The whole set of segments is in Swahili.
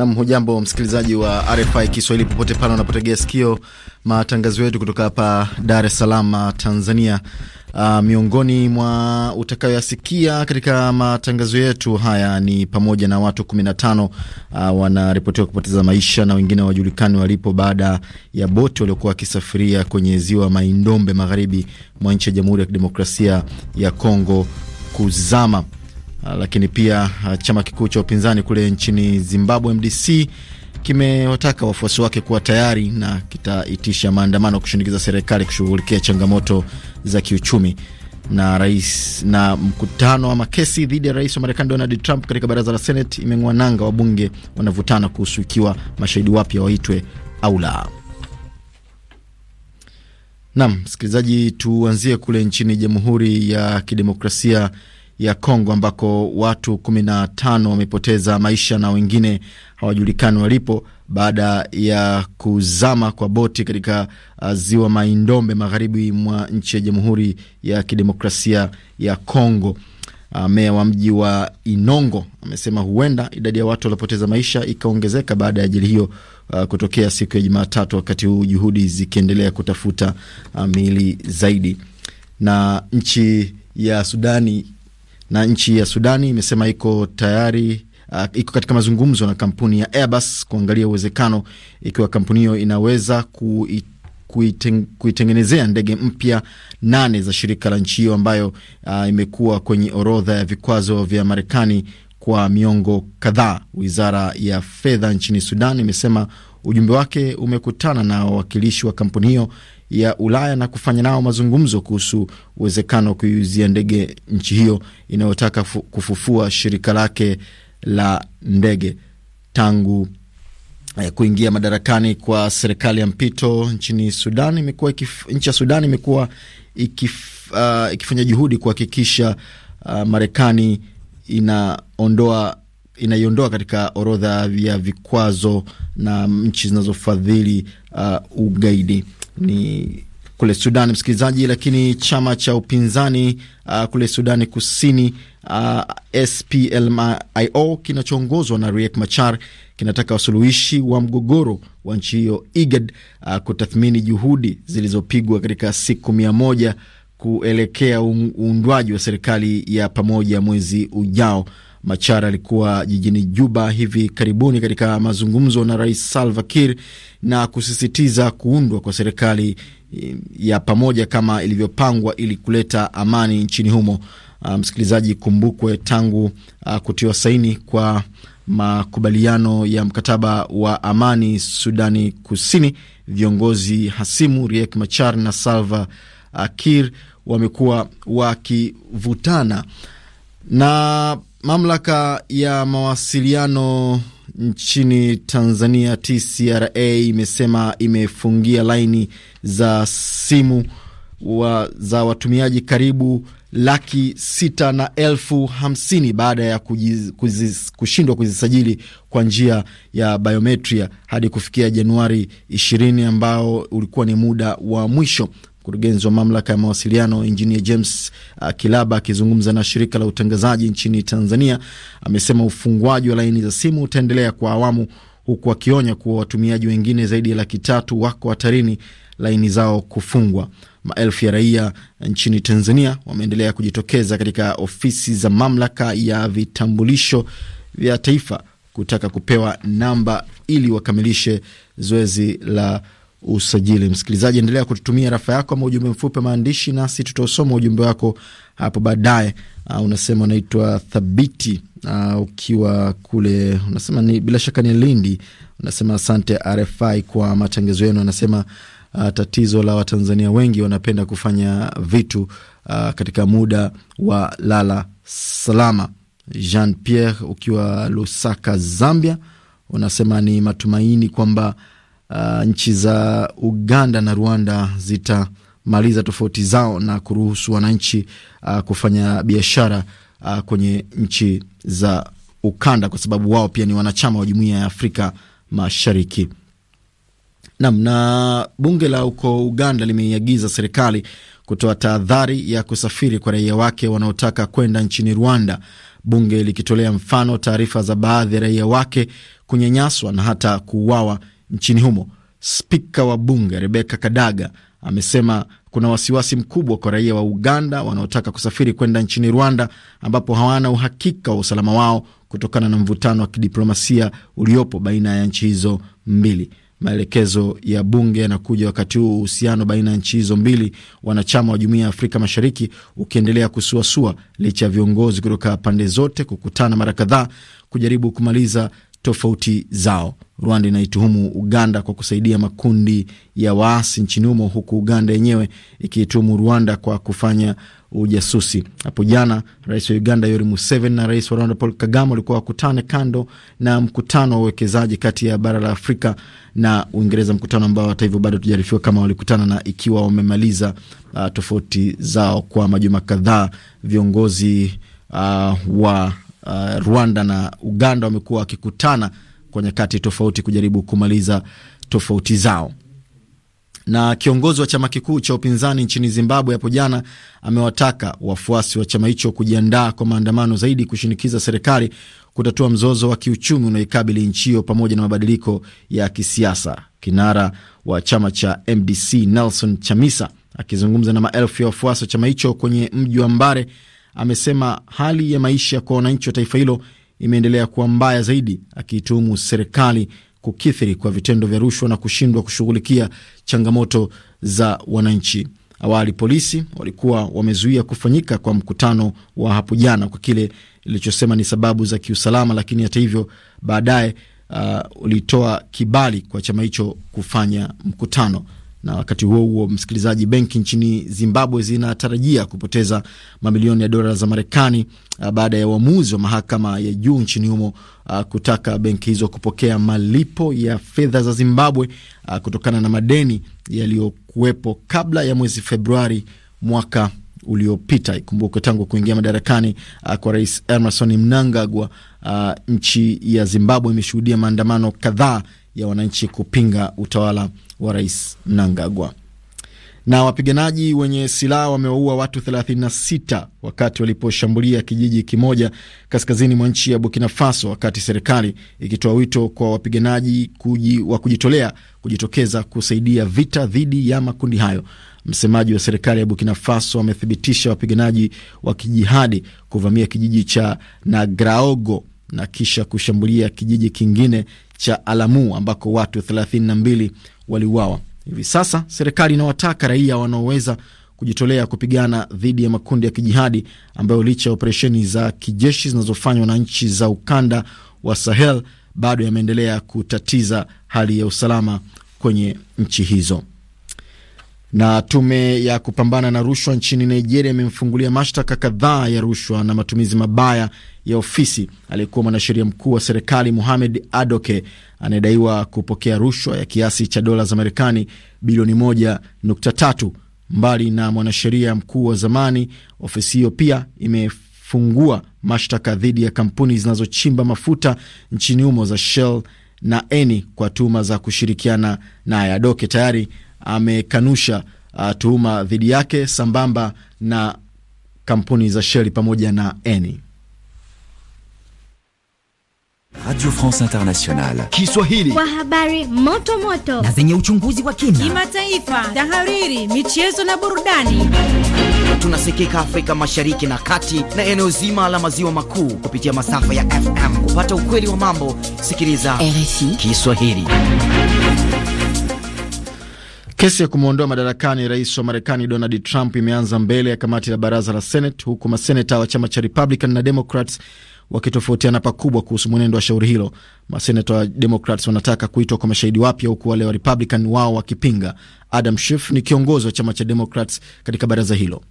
Nam, hujambo msikilizaji wa RFI Kiswahili popote pale unapotegea sikio matangazo yetu kutoka hapa Dar es Salaam, Tanzania. Uh, miongoni mwa utakayoyasikia katika matangazo yetu haya ni pamoja na watu 15 uh, ah, wanaripotiwa kupoteza maisha na wengine wajulikani walipo baada ya boti waliokuwa wakisafiria kwenye ziwa Maindombe magharibi mwa nchi ya Jamhuri ya Kidemokrasia ya Kongo kuzama. Ah, lakini pia ah, chama kikuu cha upinzani kule nchini Zimbabwe, MDC, kimewataka wafuasi wake kuwa tayari na kitaitisha maandamano kushinikiza serikali kushughulikia changamoto za kiuchumi na rais na mkutano wa makesi dhidi ya rais wa Marekani Donald Trump katika baraza la Senate imeng'oa nanga. Wabunge wanavutana kuhusu ikiwa mashahidi wapya waitwe au la. Naam msikilizaji, tuanzie kule nchini Jamhuri ya Kidemokrasia ya Kongo ambako watu 15 wamepoteza maisha na wengine hawajulikani walipo baada ya kuzama kwa boti katika uh, ziwa Maindombe magharibi mwa nchi ya Jamhuri ya Kidemokrasia ya Kongo. Uh, meya wa mji wa Inongo amesema huenda idadi ya watu waliopoteza maisha ikaongezeka baada ya ajali hiyo uh, kutokea siku ya Jumatatu, wakati huu juhudi zikiendelea kutafuta uh, miili zaidi. Na nchi ya Sudani na nchi ya Sudani imesema iko tayari Uh, iko katika mazungumzo na kampuni ya Airbus kuangalia uwezekano ikiwa kampuni hiyo inaweza kui, kuitengenezea ndege mpya nane za shirika la nchi hiyo ambayo uh, imekuwa kwenye orodha ya vikwazo vya Marekani kwa miongo kadhaa. Wizara ya fedha nchini Sudan imesema ujumbe wake umekutana na wawakilishi wa kampuni hiyo ya Ulaya na kufanya nao mazungumzo kuhusu uwezekano wa kuiuzia ndege nchi hiyo inayotaka kufufua shirika lake la ndege. Tangu eh, kuingia madarakani kwa serikali ya mpito nchini Sudan imekuwa nchi ya Sudan imekuwa ikif, uh, ikifanya juhudi kuhakikisha uh, Marekani inaondoa inaiondoa katika orodha ya vikwazo na nchi zinazofadhili uh, ugaidi ni kule Sudan, msikilizaji. Lakini chama cha upinzani uh, kule Sudani Kusini uh, SPLMIO kinachoongozwa na Riek Machar kinataka wasuluhishi wa mgogoro wa nchi hiyo IGAD uh, kutathmini juhudi zilizopigwa katika siku mia moja kuelekea uundwaji wa serikali ya pamoja mwezi ujao. Machar alikuwa jijini Juba hivi karibuni katika mazungumzo na Rais Salva Kiir na kusisitiza kuundwa kwa serikali eh, ya pamoja kama ilivyopangwa ili kuleta amani nchini humo. Ah, msikilizaji, um, kumbukwe tangu uh, kutiwa saini kwa makubaliano ya mkataba wa amani Sudani Kusini, viongozi hasimu Riek Machar na Salva ah, Kiir wamekuwa wakivutana na Mamlaka ya mawasiliano nchini Tanzania TCRA imesema imefungia laini za simu wa, za watumiaji karibu laki sita na elfu hamsini baada ya kushindwa kuzisajili kwa njia ya biometria hadi kufikia Januari 20 ambao ulikuwa ni muda wa mwisho. Mkurugenzi wa mamlaka ya mawasiliano Injinia James uh, Kilaba akizungumza na shirika la utangazaji nchini Tanzania amesema ufungwaji wa laini za simu utaendelea kwa awamu, huku akionya kuwa watumiaji wengine zaidi ya laki tatu wako hatarini laini zao kufungwa. Maelfu ya raia nchini Tanzania wameendelea kujitokeza katika ofisi za mamlaka ya vitambulisho vya taifa kutaka kupewa namba ili wakamilishe zoezi la usajili. Msikilizaji, endelea kututumia rafa yako ama ujumbe mfupi maandishi, nasi tutausoma ujumbe wako hapo baadaye. Uh, unasema unaitwa Thabiti uh, ukiwa kule unasema ni, bila shaka ni Lindi. Unasema asante RFI kwa matangazo yenu. Anasema uh, tatizo la Watanzania wengi wanapenda kufanya vitu uh, katika muda wa lala salama. Jean Pierre ukiwa Lusaka, Zambia, unasema ni matumaini kwamba uh, nchi za Uganda na Rwanda zitamaliza tofauti zao na kuruhusu wananchi uh, kufanya biashara uh, kwenye nchi za ukanda kwa sababu wao pia ni wanachama wa Jumuiya ya Afrika Mashariki. Nam na bunge la huko Uganda limeiagiza serikali kutoa tahadhari ya kusafiri kwa raia wake wanaotaka kwenda nchini Rwanda, bunge likitolea mfano taarifa za baadhi ya raia wake kunyanyaswa na hata kuuawa nchini humo. Spika wa bunge rebeka Kadaga amesema kuna wasiwasi mkubwa kwa raia wa Uganda wanaotaka kusafiri kwenda nchini Rwanda, ambapo hawana uhakika wa usalama wao kutokana na mvutano wa kidiplomasia uliopo baina ya nchi hizo mbili. Maelekezo ya bunge yanakuja wakati huu uhusiano baina ya nchi hizo mbili wanachama wa jumuiya ya Afrika Mashariki ukiendelea kusuasua licha ya viongozi kutoka pande zote kukutana mara kadhaa kujaribu kumaliza tofauti zao. Rwanda inaituhumu Uganda kwa kusaidia makundi ya waasi nchini humo, huku Uganda yenyewe ikiituhumu Rwanda kwa kufanya ujasusi. Hapo jana rais wa Uganda Yoweri Museveni na rais wa Rwanda Paul Kagame walikuwa wakutane kando na mkutano wa uwekezaji kati ya bara la Afrika na Uingereza, mkutano ambao hata hivyo bado tujarifiwa kama walikutana na ikiwa wamemaliza uh, tofauti zao. Kwa majuma kadhaa viongozi uh, wa uh, Rwanda na Uganda wamekuwa wakikutana kwa nyakati tofauti kujaribu kumaliza tofauti zao. Na kiongozi wa chama kikuu cha upinzani nchini Zimbabwe hapo jana amewataka wafuasi wa chama hicho kujiandaa kwa maandamano zaidi kushinikiza serikali kutatua mzozo wa kiuchumi unaoikabili nchi hiyo pamoja na mabadiliko ya kisiasa. Kinara wa chama cha MDC Nelson Chamisa akizungumza na maelfu ya wafuasi wa chama hicho kwenye mji wa Mbare amesema hali ya maisha kwa wananchi wa taifa hilo imeendelea kuwa mbaya zaidi, akiituhumu serikali kukithiri kwa vitendo vya rushwa na kushindwa kushughulikia changamoto za wananchi. Awali polisi walikuwa wamezuia kufanyika kwa mkutano wa hapo jana kwa kile ilichosema ni sababu za kiusalama, lakini hata hivyo baadaye uh, ulitoa uh, kibali kwa chama hicho kufanya mkutano na wakati huo huo, msikilizaji, benki nchini Zimbabwe zinatarajia kupoteza mamilioni ya dola za Marekani uh, baada ya uamuzi wa mahakama ya juu nchini humo uh, kutaka benki hizo kupokea malipo ya fedha za Zimbabwe uh, kutokana na madeni yaliyokuwepo kabla ya mwezi Februari mwaka uliopita. Ikumbuke tangu kuingia madarakani uh, kwa Rais Emerson Mnangagwa, nchi ya Zimbabwe imeshuhudia maandamano kadhaa ya wananchi kupinga utawala wa Rais Mnangagwa. Na wapiganaji wenye silaha wamewaua watu 36 wakati waliposhambulia kijiji kimoja kaskazini mwa nchi ya Burkina Faso, wakati serikali ikitoa wito kwa wapiganaji kuji, wa kujitolea kujitokeza kusaidia vita dhidi ya makundi hayo. Msemaji wa serikali ya Burkina Faso amethibitisha wapiganaji wa kijihadi kuvamia kijiji cha Nagraogo na kisha kushambulia kijiji kingine cha Alamu ambako watu 32 waliuawa. Hivi sasa serikali inawataka raia wanaoweza kujitolea kupigana dhidi ya makundi ya kijihadi ambayo licha ya operesheni za kijeshi zinazofanywa na nchi za ukanda wa Sahel bado yameendelea kutatiza hali ya usalama kwenye nchi hizo. Na tume ya kupambana na rushwa nchini Nigeria imemfungulia mashtaka kadhaa ya rushwa na matumizi mabaya ya ofisi aliyekuwa mwanasheria mkuu wa serikali muhamed Adoke anayedaiwa kupokea rushwa ya kiasi cha dola za Marekani bilioni 1.3. Mbali na mwanasheria mkuu wa zamani, ofisi hiyo pia imefungua mashtaka dhidi ya kampuni zinazochimba mafuta nchini humo za Shell na Eni kwa tuhuma za kushirikiana naye Adoke. Tayari amekanusha uh, tuhuma dhidi yake sambamba na kampuni za Shell pamoja na Eni. Radio France Internationale Kiswahili, kwa habari moto moto na zenye uchunguzi wa kina, kimataifa, tahariri, michezo na burudani. Tunasikika Afrika Mashariki na Kati na eneo zima la maziwa makuu kupitia masafa ya FM. Kupata ukweli wa mambo, sikiliza RFI Kiswahili. Kesi ya kumwondoa madarakani rais wa Marekani Donald Trump imeanza mbele ya kamati la baraza la Senate, huku maseneta wa chama cha Republican na Democrats wakitofautiana pakubwa kuhusu mwenendo wa shauri hilo. Maseneta wa Democrats wanataka kuitwa kwa mashahidi wapya, huku wale wa Republican wao wakipinga. Adam Schiff ni kiongozi wa chama cha Democrats katika baraza hilo.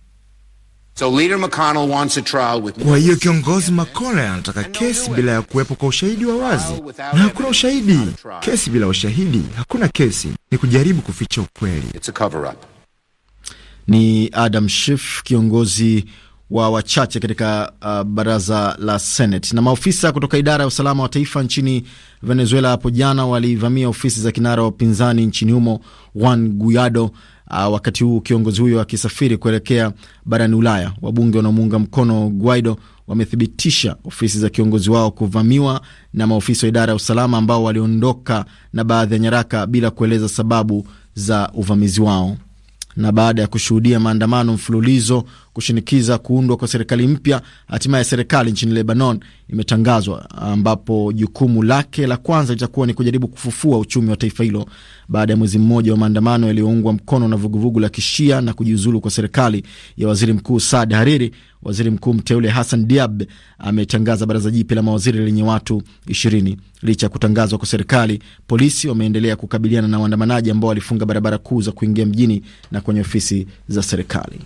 So leader McConnell wants a trial with... Kwa hiyo kiongozi McConnell anataka kesi bila ya kuwepo kwa ushahidi wa wazi, na hakuna ushahidi. Kesi bila ushahidi, hakuna kesi, ni kujaribu kuficha ukweli. It's a cover up. Ni Adam Schiff kiongozi wa wachache katika uh, baraza la Senate. Na maofisa kutoka idara ya usalama wa taifa nchini Venezuela hapo jana walivamia ofisi za kinara wa upinzani nchini humo Juan Guaido uh, wakati huu kiongozi huyo akisafiri kuelekea barani Ulaya. Wabunge wanaomuunga mkono Guaido wamethibitisha ofisi za kiongozi wao kuvamiwa na maofisa wa idara ya usalama ambao waliondoka na baadhi ya nyaraka bila kueleza sababu za uvamizi wao. Na baada ya kushuhudia maandamano mfululizo kushinikiza kuundwa kwa serikali mpya. Hatima ya serikali nchini Lebanon imetangazwa, ambapo jukumu lake la kwanza litakuwa ni kujaribu kufufua uchumi wa taifa hilo baada ya mwezi mmoja wa maandamano yaliyoungwa mkono na vuguvugu la Kishia na kujiuzulu kwa serikali ya waziri mkuu Saad Hariri. Waziri mkuu mteule Hassan Diab ametangaza baraza jipya la mawaziri lenye watu ishirini. Licha ya kutangazwa kwa serikali, polisi wameendelea kukabiliana na waandamanaji ambao walifunga barabara kuu za kuingia mjini na kwenye ofisi za serikali.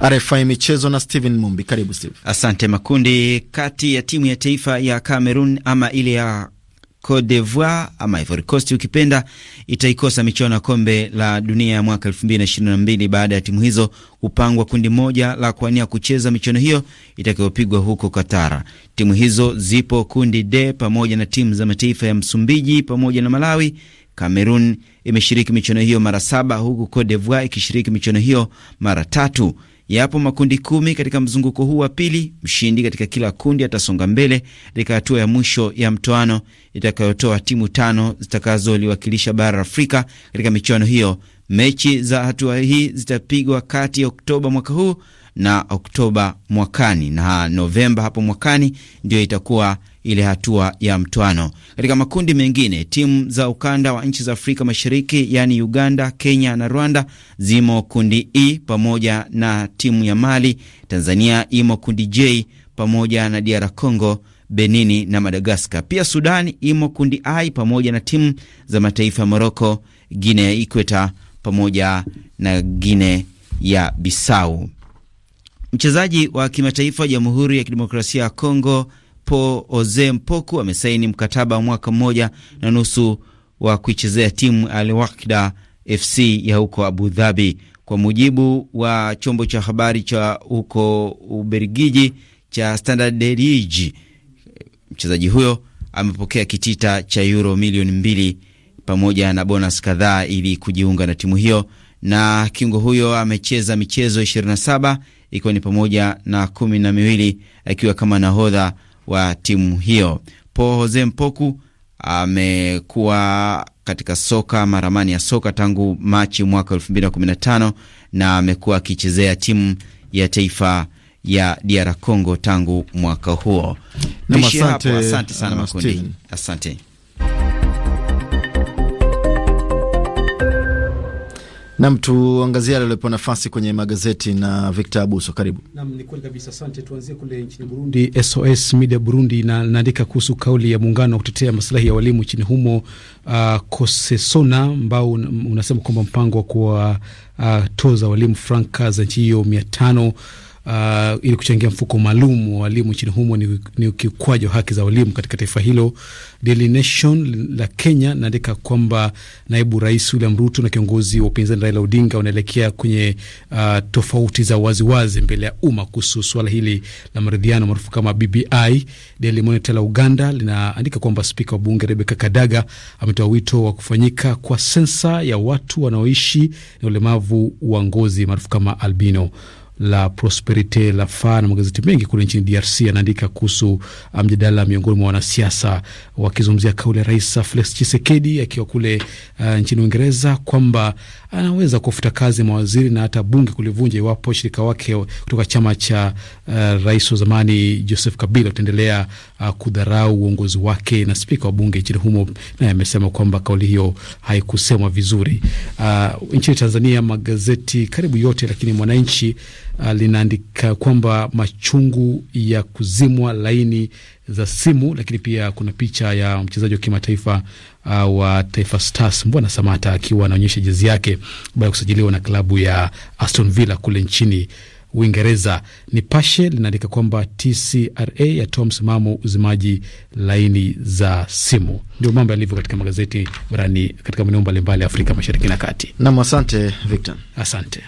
RFI Michezo na Steven Mumbi. Karibu Steven. Asante. Makundi kati ya timu ya taifa ya Cameroon ama ile ya Cote d'Ivoire ama Ivory Coast ukipenda, itaikosa michuano ya kombe la dunia ya mwaka 2022 baada ya timu hizo kupangwa kundi moja la kuania kucheza michuano hiyo itakayopigwa huko Qatar. Timu hizo zipo kundi D pamoja na timu za mataifa ya Msumbiji pamoja na Malawi. Cameroon imeshiriki michuano hiyo mara saba huku Cote d'Ivoire ikishiriki michuano hiyo mara tatu. Yapo makundi kumi katika mzunguko huu wa pili. Mshindi katika kila kundi atasonga mbele katika hatua ya mwisho ya mtoano itakayotoa timu tano zitakazoliwakilisha bara Afrika katika michuano hiyo. Mechi za hatua hii zitapigwa kati ya Oktoba mwaka huu na Oktoba mwakani na Novemba hapo mwakani, ndio itakuwa ile hatua ya mtwano. Katika makundi mengine, timu za ukanda wa nchi za Afrika Mashariki yaani Uganda, Kenya na Rwanda zimo kundi E pamoja na timu ya Mali. Tanzania imo kundi J pamoja na DR Congo, Benini na Madagaskar. Pia Sudan imo kundi I pamoja na timu za mataifa ya Moroko, Guine ya Ikweta pamoja na Guine ya Bisau. Mchezaji wa kimataifa wa Jamhuri ya Kidemokrasia ya Kongo Po Oze Mpoku amesaini mkataba wa mwaka mmoja na nusu wa kuichezea timu Al Wakda FC ya huko Abu Dhabi. Kwa mujibu wa chombo cha habari cha huko Ubelgiji cha Standard Liege, mchezaji huyo amepokea kitita cha euro milioni mbili pamoja na bonus kadhaa ili kujiunga na timu hiyo. Na kiungo huyo amecheza michezo 27 ikiwa ni pamoja na kumi na miwili akiwa kama nahodha wa timu hiyo. po Jose Mpoku amekuwa katika soka maramani ya soka tangu Machi mwaka 2015 na amekuwa akichezea timu ya taifa ya DR Congo tangu mwaka huo. Asante sana Makundi, asante. Nam, tuangazie yale aliopewa nafasi kwenye magazeti na Victor Abuso, karibu. Nam, ni kweli kabisa, asante. Tuanzie kule nchini Burundi. SOS Media Burundi inaandika kuhusu kauli ya muungano wa kutetea masilahi ya walimu nchini humo, uh, Kosesona, ambao unasema kwamba mpango wa kuwatoza uh, walimu franka za nchi hiyo mia tano uh, ili kuchangia mfuko maalum wa walimu nchini humo ni, ni ukiukwaji wa haki za walimu katika taifa hilo. Daily Nation la Kenya naandika kwamba naibu rais William Ruto na kiongozi wa upinzani Raila Odinga wanaelekea kwenye uh, tofauti za waziwazi mbele ya umma kuhusu suala hili la maridhiano maarufu kama BBI. Daily Monitor la Uganda linaandika kwamba spika wa bunge Rebecca Kadaga ametoa wito wa kufanyika kwa sensa ya watu wanaoishi na ulemavu wa ngozi maarufu kama albino la Prosperite la Fa na magazeti mengi kule nchini DRC anaandika kuhusu uh, mjadala miongoni mwa wanasiasa wakizungumzia kauli ya Rais Felix chisekedi akiwa kule uh, nchini Uingereza kwamba anaweza kufuta kazi mawaziri na hata bunge kulivunja iwapo shirika wake kutoka chama cha uh, rais wa zamani Joseph Kabila utaendelea uh, kudharau uongozi wake. Na spika wa bunge nchini humo naye amesema kwamba kauli hiyo haikusemwa vizuri. Uh, nchini Tanzania magazeti karibu yote, lakini Mwananchi uh, linaandika kwamba machungu ya kuzimwa laini za simu, lakini pia kuna picha ya mchezaji wa kimataifa uh, wa Taifa Stars Mbwana Samata akiwa anaonyesha jezi yake baada ya kusajiliwa na klabu ya Aston Villa kule nchini Uingereza. Nipashe linaandika kwamba TCRA yatoa msimamo uzimaji laini za simu. Ndio mambo yalivyo katika magazeti barani katika maeneo mbalimbali ya Afrika Mashariki na Kati. Nam, asante Victor, asante.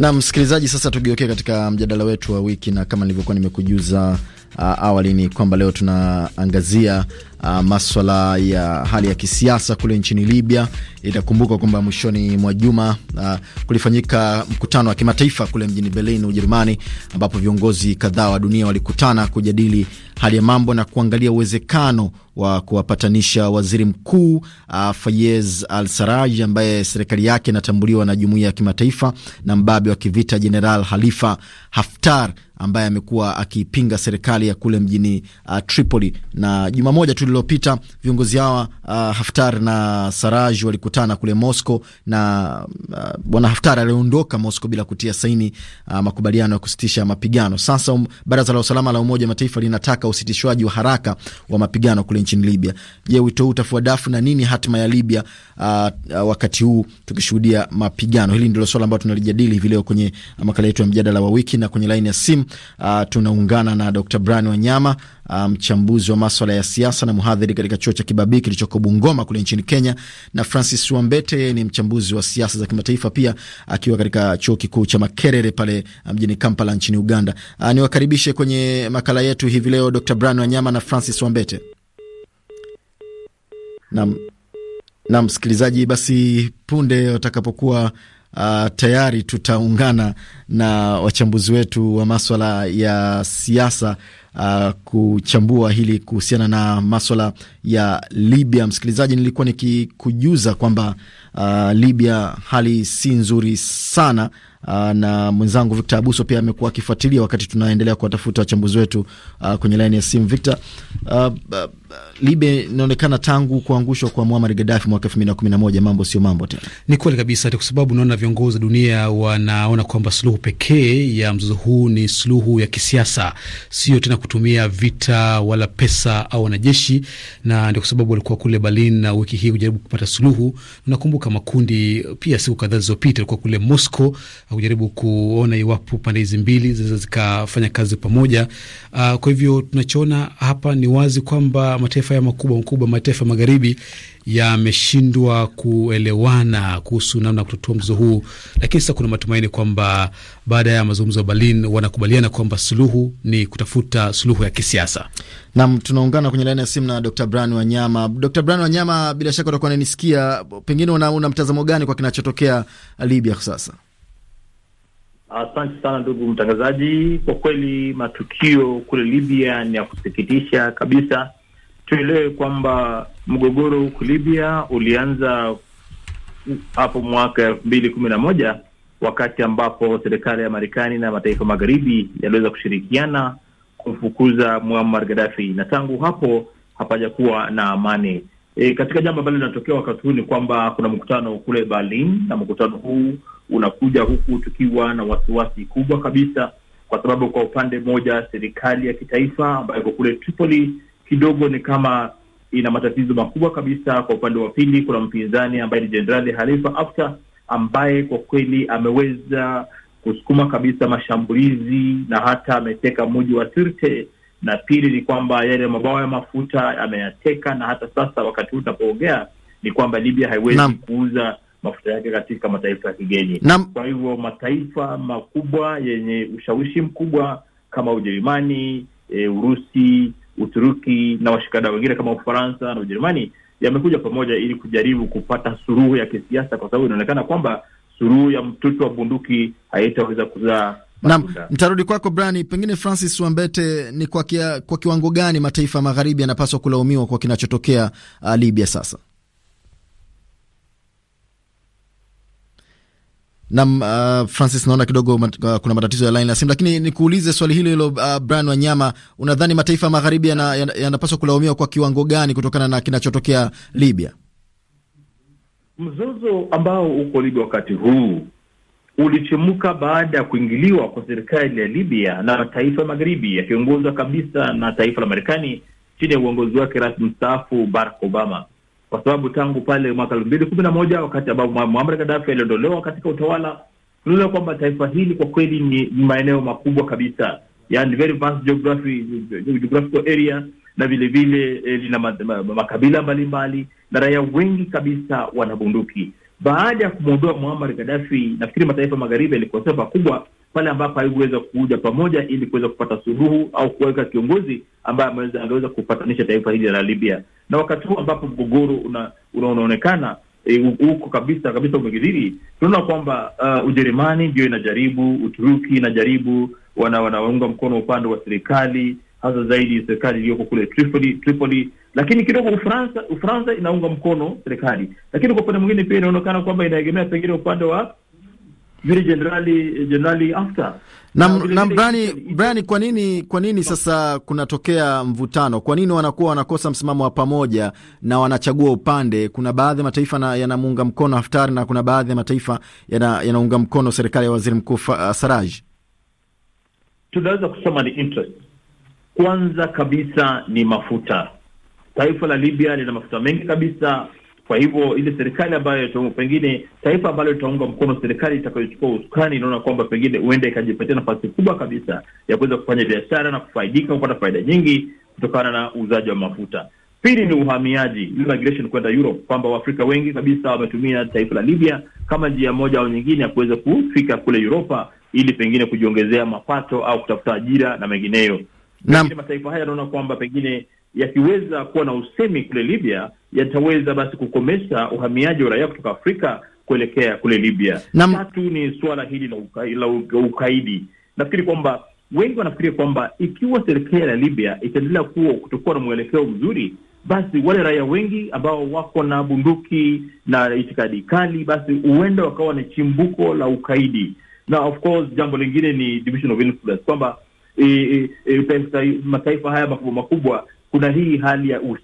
Na msikilizaji, sasa tugeuke katika mjadala wetu wa wiki, na kama nilivyokuwa nimekujuza uh, awali ni kwamba leo tunaangazia uh, maswala ya hali ya kisiasa kule nchini Libya. Itakumbuka kwamba mwishoni mwa juma uh, kulifanyika mkutano wa kimataifa kule mjini Berlin, Ujerumani, ambapo viongozi kadhaa wa dunia walikutana kujadili hali ya mambo na kuangalia uwezekano wa kuwapatanisha waziri mkuu uh, Fayez Al Saraj ambaye serikali yake inatambuliwa na jumuiya ya kimataifa na mbabe wa kivita Jeneral Halifa Haftar ambaye amekuwa akipinga serikali ya kule mjini uh, Tripoli. Na juma moja tu lililopita viongozi hawa uh, Haftar na Saraj walikutana kule Moscow na uh, bwana Haftar aliondoka Moscow bila kutia saini uh, makubaliano ya kusitisha mapigano. Sasa um, baraza la usalama la Umoja wa Mataifa linataka usitishwaji wa haraka wa mapigano kule nchini Libya. Je, wito huu utafua dafu na nini hatima ya Libya uh, uh, wakati huu tukishuhudia mapigano? Hili ndilo swala ambalo tunalijadili hivi leo kwenye makala yetu ya mjadala wa wiki, na kwenye laini ya simu uh, tunaungana na Dr. Brian Wanyama Ah, mchambuzi um, wa maswala ya siasa na mhadhiri katika chuo cha Kibabii kilichoko Bungoma kule nchini Kenya, na Francis Wambete ni mchambuzi wa siasa za kimataifa pia akiwa katika chuo kikuu cha Makerere pale ah, mjini Kampala nchini Uganda. Uh, niwakaribishe kwenye makala yetu hivi leo Dr. Brian Wanyama na Francis Wambete. Naam, na msikilizaji, basi punde watakapokuwa Uh, tayari tutaungana na wachambuzi wetu wa maswala ya siasa uh, kuchambua hili kuhusiana na maswala ya Libya. Msikilizaji, nilikuwa nikikujuza kwamba uh, Libya hali si nzuri sana Ah, na mwenzangu Victor Abuso pia amekuwa akifuatilia wakati tunaendelea kuwatafuta wachambuzi wetu uh, kwenye laini ya simu. Victor, uh, uh, Libe, inaonekana tangu kuangushwa kwa Muammar Gaddafi mwaka elfu mbili na na kumi moja mambo sio mambo tena. Ni kweli kabisa, kwa sababu unaona viongozi wa dunia wanaona kwamba suluhu pekee ya mzozo huu ni suluhu ya kisiasa, sio tena kutumia vita wala pesa au wanajeshi, na ndio kwa sababu walikuwa kule Berlin na wiki hii kujaribu kupata suluhu. Nakumbuka makundi pia siku kadhaa zilizopita alikuwa kule Moscow kujaribu kuona iwapo pande hizi mbili zinaweza zikafanya kazi pamoja. Uh, kwa hivyo tunachoona hapa ni wazi kwamba mataifa ya makubwa makubwa, mataifa magharibi yameshindwa kuelewana kuhusu namna ya kutatua mzozo huu, lakini sasa kuna matumaini kwamba baada ya mazungumzo ya Berlin wanakubaliana kwamba suluhu ni kutafuta suluhu ya kisiasa. Nam, tunaungana kwenye laini ya simu na Dr. Brian Wanyama. Dr. Brian Wanyama, bila shaka utakuwa unanisikia, pengine una, una mtazamo gani kwa kinachotokea Libya sasa? Asante sana ndugu mtangazaji. Kwa kweli matukio kule Libya ni ya kusikitisha kabisa. Tuelewe kwamba mgogoro huku Libya ulianza hapo mwaka elfu mbili kumi na moja wakati ambapo serikali ya Marekani na mataifa magharibi yaliweza kushirikiana kumfukuza Muammar Gaddafi, na tangu hapo hapajakuwa na amani. E, katika jambo ambalo linatokea wakati huu ni kwamba kuna mkutano kule Berlin, na mkutano huu unakuja huku tukiwa na wasiwasi kubwa kabisa, kwa sababu kwa upande mmoja serikali ya kitaifa ambayo iko kule Tripoli kidogo ni kama ina matatizo makubwa kabisa. Kwa upande wa pili kuna mpinzani ambaye ni Jenerali Khalifa Haftar ambaye kwa kweli ameweza kusukuma kabisa mashambulizi na hata ameteka mji wa Sirte na pili ni kwamba yale mabao ya mafuta ameyateka, na hata sasa wakati huu tunapoongea ni kwamba Libya haiwezi kuuza mafuta yake katika mataifa ya kigeni. Kwa hivyo mataifa makubwa yenye ushawishi mkubwa kama Ujerumani, e, Urusi, Uturuki na washikadau wengine kama Ufaransa na Ujerumani yamekuja pamoja ili kujaribu kupata suluhu ya kisiasa, kwa sababu inaonekana kwamba suluhu ya mtutu wa bunduki haitaweza kuzaa Naam, mtarudi kwako Brani. Pengine Francis Wambete, ni kwa, kia, kwa kiwango gani mataifa ya magharibi yanapaswa kulaumiwa kwa kinachotokea uh, Libya sasa? Nam uh, Francis, naona kidogo mat, uh, kuna matatizo ya laini simu, lakini nikuulize swali hilo hilo uh, Brian Wanyama, unadhani mataifa ya magharibi yanapaswa yana kulaumiwa kwa kiwango gani kutokana na kinachotokea Libya? Mzozo ambao uko Libya wakati huu ulichemuka baada ya kuingiliwa kwa serikali ya Libya na mataifa ya magharibi yakiongozwa kabisa na taifa la Marekani chini ya uongozi wake rasmi mstaafu Barack Obama, kwa sababu tangu pale mwaka elfu mbili kumi na moja wakati ambapo Muammar Gaddafi aliondolewa katika utawala, tunaona kwamba taifa hili kwa kweli ni maeneo makubwa kabisa, yani very vast geographical area, na vilevile eh, lina makabila mbalimbali na raia wengi kabisa wana bunduki baada ya kumwondoa Muammar Gaddafi, nafikiri mataifa magharibi yalikosea pakubwa pale ambapo haikuweza kuja pamoja ili kuweza kupata suluhu au kuweka kiongozi ambaye angeweza kupatanisha taifa hili la Libya, na wakati huu ambapo mgogoro una, una, unaonekana huko e, kabisa kabisa umegidhiri, tunaona kwamba uh, Ujerumani ndio inajaribu, Uturuki inajaribu, wana wanaunga mkono upande wa serikali hasa zaidi serikali iliyoko kule Tripoli, Tripoli, lakini kidogo Ufaransa Ufaransa inaunga mkono serikali, lakini kwa upande mwingine pia inaonekana kwamba inaegemea pengine upande wa vile jenerali jenerali Haftar na, na, Brani, kwa nini kwa nini sasa kunatokea mvutano? Kwa nini wanakuwa wanakosa msimamo wa pamoja na wanachagua upande? Kuna baadhi ya mataifa yanamuunga mkono Haftar na kuna baadhi ya mataifa yanaunga mkono serikali ya waziri mkuu uh, Sarraj. Tunaweza kusema ni interest kwanza kabisa ni mafuta. Taifa la Libya lina mafuta mengi kabisa. Kwa hivyo ile serikali ambayo pengine taifa ambalo litaunga mkono serikali itakayochukua usukani, inaona kwamba pengine huenda ikajipatia nafasi kubwa kabisa ya kuweza kufanya biashara na kufaidika, kupata faida nyingi kutokana na uuzaji wa mafuta. Pili ni uhamiaji, immigration kwenda Europe, kwamba Waafrika wengi kabisa wametumia taifa la Libya kama njia moja au nyingine ya kuweza kufika kule Uropa ili pengine kujiongezea mapato au kutafuta ajira na mengineyo na... mataifa haya yanaona kwamba pengine yakiweza kuwa na usemi kule Libya yataweza basi kukomesha uhamiaji wa raia kutoka Afrika kuelekea kule Libya. tatu ni suala hili la, uka, la ukaidi. Nafikiri kwamba wengi wanafikiria kwamba ikiwa serikali ya Libya itaendelea kuwa kutokuwa na mwelekeo mzuri, basi wale raia wengi ambao wako na bunduki na itikadi kali, basi huenda wakawa na chimbuko la ukaidi. Na of course jambo lingine ni division of influence kwamba e, e, mataifa haya makubwa makubwa, kuna hii hali ya use,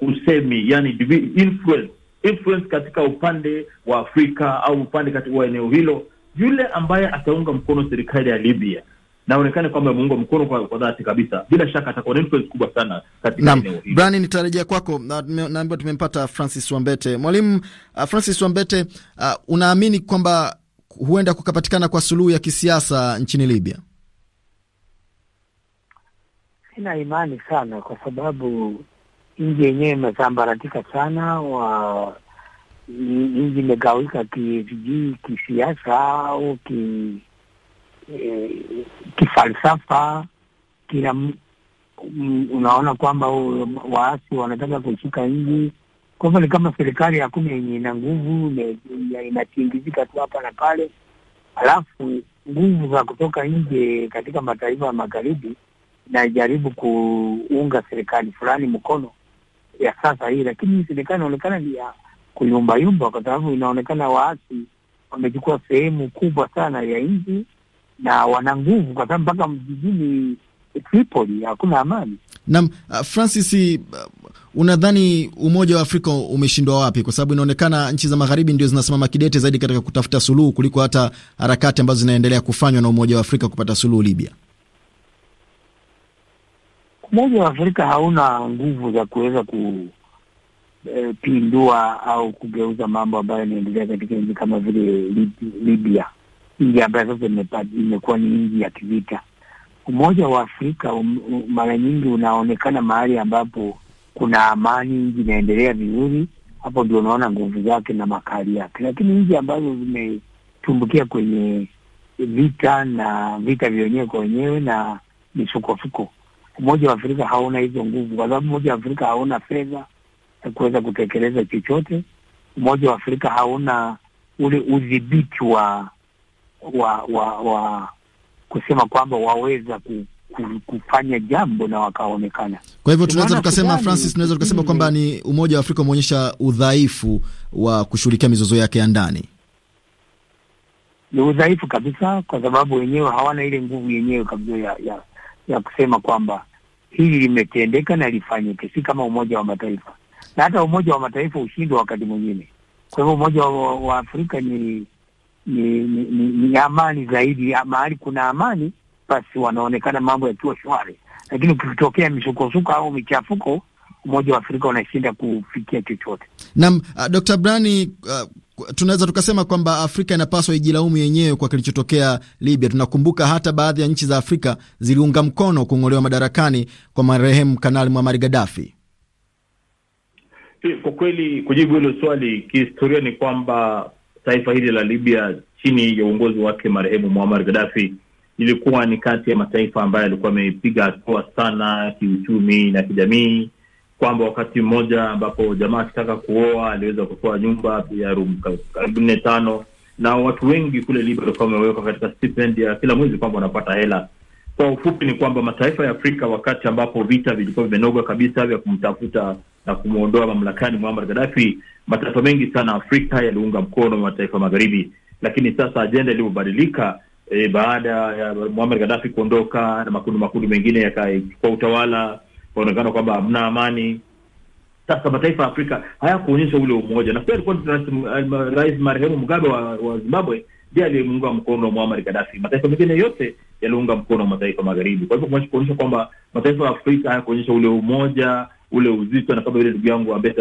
usemi yani influence, influence katika upande wa Afrika au upande katika eneo hilo, yule ambaye ataunga mkono serikali ya Libya naonekana kwamba ameunga mkono kwa, kwa dhati kabisa, bila shaka atakuwa na influence kubwa sana katika eneo hili. Brani, nitarejea kwako. Naambiwa tumempata Francis Wambete. Mwalimu uh, Francis Wambete, uh, unaamini kwamba huenda kukapatikana kwa suluhu ya kisiasa nchini Libya? Sina imani sana, kwa sababu nji yenyewe imesambaratika sana wa nji imegawika sijui kisiasa au ki e, kifalsafa. Kila unaona kwamba waasi wanataka kushika nji kwa hivyo ni kama serikali ya kumi yenye ina nguvu, inatingizika tu hapa na pale, alafu nguvu za kutoka nje katika mataifa ya magharibi inajaribu kuunga serikali fulani mkono ya sasa hii, lakini serikali inaonekana ni ya kuyumbayumba, kwa sababu inaonekana waasi wamechukua sehemu kubwa sana ya nchi na wana nguvu, kwa sababu mpaka mjijini Tripoli hakuna amani. Naam, uh, Francis, uh, unadhani Umoja wa Afrika umeshindwa wapi? Kwa sababu inaonekana nchi za magharibi ndio zinasimama kidete zaidi katika kutafuta suluhu kuliko hata harakati ambazo zinaendelea kufanywa na Umoja wa Afrika kupata suluhu Libya. Umoja wa Afrika hauna nguvu za kuweza kupindua eh, au kugeuza mambo ambayo yanaendelea katika nchi kama vile Libya, nchi ambayo sasa imekuwa ni nchi ya kivita. Umoja wa Afrika um, um, mara nyingi unaonekana mahali ambapo kuna amani, nchi inaendelea vizuri, hapo ndio unaona nguvu zake na makali yake, lakini nchi ambazo zimetumbukia kwenye vita na vita vyenyewe kwa wenyewe na misukosuko Umoja wa Afrika hauna hizo nguvu, kwa sababu Umoja wa Afrika hauna fedha ya kuweza kutekeleza chochote. Umoja wa Afrika hauna ule udhibiti wa wa wa wa kusema kwamba waweza ku, ku, kufanya jambo na wakaonekana. Kwa hivyo tunaweza tukasema, Francis, tunaweza tukasema mm. kwamba ni Umoja wa Afrika umeonyesha udhaifu wa kushughulikia mizozo yake ya ndani. Ni udhaifu kabisa, kwa sababu wenyewe hawana ile nguvu yenyewe kabisa ya, ya ya kusema kwamba hili limetendeka na lifanyike, si kama Umoja wa Mataifa. Na hata Umoja wa Mataifa ushindwa wakati mwingine. Kwa hivyo Umoja wa, wa Afrika ni ni, ni, ni ni amani zaidi. Mahali kuna amani, basi wanaonekana mambo yakiwa shwari, lakini ukitokea misukosuko au michafuko Umoja wa Afrika unashinda kufikia chochote. Naam, uh, Dr. Brani uh, tunaweza tukasema kwamba Afrika inapaswa ijilaumu yenyewe kwa kilichotokea Libya. Tunakumbuka hata baadhi ya nchi za Afrika ziliunga mkono kung'olewa madarakani kwa marehemu Kanali Muamari Gadafi. Eh, kwa kweli, kujibu hilo swali, kihistoria ni kwamba taifa hili la Libya chini ya uongozi wake marehemu Muamar gadafi ilikuwa ni kati ya mataifa ambayo yalikuwa yamepiga hatua sana kiuchumi na kijamii kwamba wakati mmoja ambapo jamaa akitaka kuoa aliweza kutoa nyumba ya room karibu nne tano, na watu wengi kule Libya walikuwa wamewekwa katika stipend ya kila mwezi kwamba wanapata hela. Kwa ufupi ni kwamba mataifa ya Afrika wakati ambapo vita vilikuwa vimenoga kabisa vya kumtafuta na kumwondoa mamlakani Muammar Gaddafi, mataifa mengi sana Afrika yaliunga mkono mataifa magharibi, lakini sasa ajenda iliyobadilika e, eh, baada ya Muammar Gaddafi kuondoka na makundi makundi mengine yakachukua utawala kuonekana kwamba hamna amani. Sasa mataifa ya Afrika hayakuonyesha ule umoja. Nafikiri alikuwa rais marehemu Mugabe wa, wa Zimbabwe ndiye aliyemuunga mkono Muammar Gaddafi. Mataifa mengine yote yaliunga mkono mataifa magharibi. Kwa hivyo kuonyesha kwamba mataifa ya Afrika hayakuonyesha ule umoja ule uzito, na kama vile ndugu yangu ambaye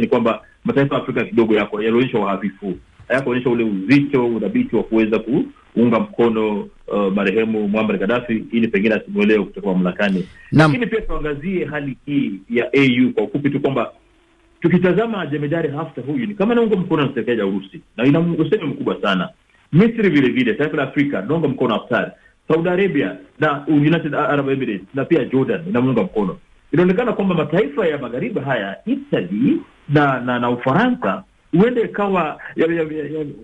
ni kwamba mataifa ya Afrika kidogo yako yalionyesha uhafifu hayakuonyesha ule uzito, udhabiti wa kuweza kuunga mkono uh, marehemu Muammar Gaddafi ili pengine asimwelewe kutoka mamlakani. Lakini pia tuangazie hali hii ya AU kwa ufupi tu kwamba tukitazama jemedari Hafta huyu ni kama anaunga mkono na serikali ya Urusi na ina usemi mkubwa sana. Misri vile vile, taifa la Afrika naunga mkono Haftar, Saudi Arabia na United Arab Emirates na pia Jordan inamuunga mkono. Inaonekana kwamba mataifa ya magharibi haya Italy na na, na Ufaransa huenda ikawa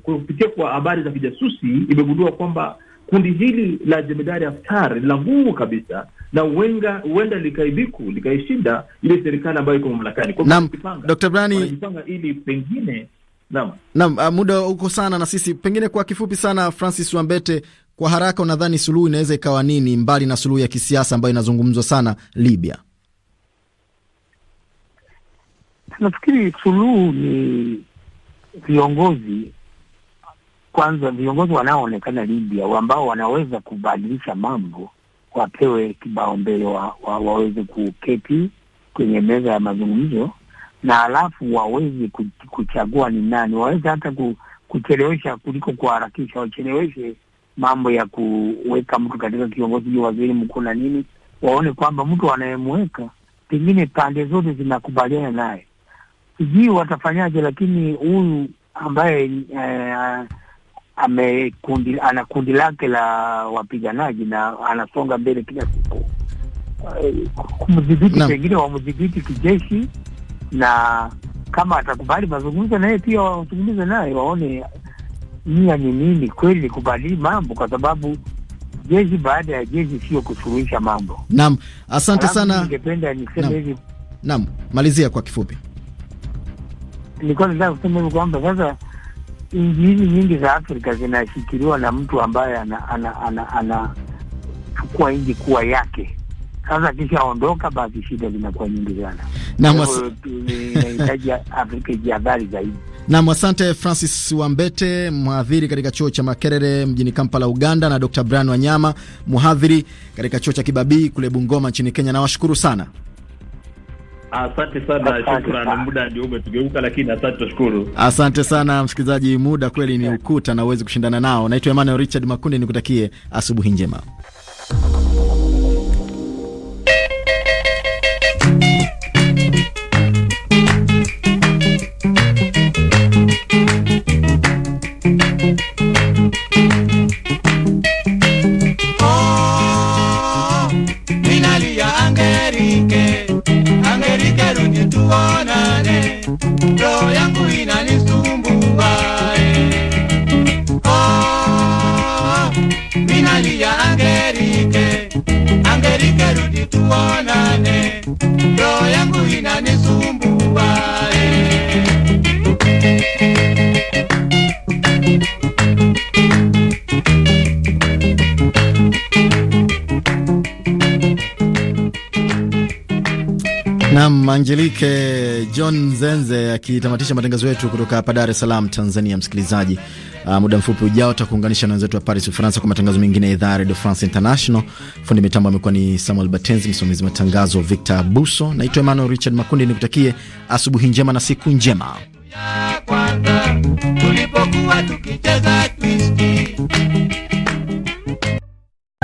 kupitia kwa habari za kijasusi imegundua kwamba kundi hili la jemedari Haftar lina nguvu kabisa na huenga huenda likaibiku likaishinda ile serikali ambayo iko mamlakani. Dr. Brani, ili pengine naam, naam, ah, muda uko sana na sisi, pengine kwa kifupi sana, Francis Wambete, kwa haraka, unadhani suluhu inaweza ikawa nini, mbali na suluhu ya kisiasa ambayo inazungumzwa sana Libya? Nafikiri suluhu ni viongozi kwanza, viongozi wanaoonekana Libya ambao wanaweza kubadilisha mambo wapewe mbele wa, wa, waweze kuketi kwenye meza ya mazungumzo na alafu waweze kuchagua ni nani, waweze hata kuchelewesha kuliko kuharakisha, wacheleweshe mambo ya kuweka mtu katika kiongozi juu waziri mkuu na nini, waone kwamba mtu anayemweka pengine pande zote zinakubaliana naye sijui watafanyaje, lakini huyu ambaye eh, ame kundi, ana kundi lake la wapiganaji na anasonga mbele kila siku eh, kumdhibiti kumdhibiti, pengine wamdhibiti kijeshi, na kama atakubali mazungumzo naye pia wazungumze naye waone nia ni nini, kweli kubadili mambo, kwa sababu jeshi baada ya jeshi sio kusuluhisha mambo. Naam, asante sana. Ningependa niseme hivi. Naam, malizia kwa kifupi nilikuwa nataka kusema hivi kwamba sasa nchi hizi nyingi za Afrika zinashikiliwa na mtu ambaye anachukua ana, ana, ana, ana, nchi kuwa yake. Sasa akishaondoka basi shida zinakuwa nyingi sana na Afrika zaidi. Nam, asante Francis Wambete, mhadhiri katika chuo cha Makerere mjini Kampala, Uganda, na Dr Brian Wanyama, mhadhiri katika chuo cha Kibabii kule Bungoma nchini Kenya. Nawashukuru sana. Asante sana, shukrani. Muda ndio umetugeuka, lakini asante, tushukuru. Asante sana msikilizaji, muda kweli ni ukuta na uwezi kushindana nao. Naitwa Emmanuel Richard Makundi, nikutakie asubuhi njema. tuonane, roho yangu inanisumbua eh. Oh, minalia Angelike, Angelike rudi tuonane, roho yangu inanisumbua Angelique John Zenze akitamatisha matangazo yetu kutoka hapa Dar es Salaam, Tanzania. Msikilizaji, uh, muda mfupi ujao takuunganisha na wenzetu wa Paris, Ufaransa, kwa matangazo mengine ya idhaa ya Radio France International. Fundi mitambo amekuwa ni Samuel Batenzi, msimamizi matangazo Victor Buso. Naitwa Emmanuel Richard Makundi, nikutakie asubuhi njema na siku njema. Tulipokuwa tukicheza twisti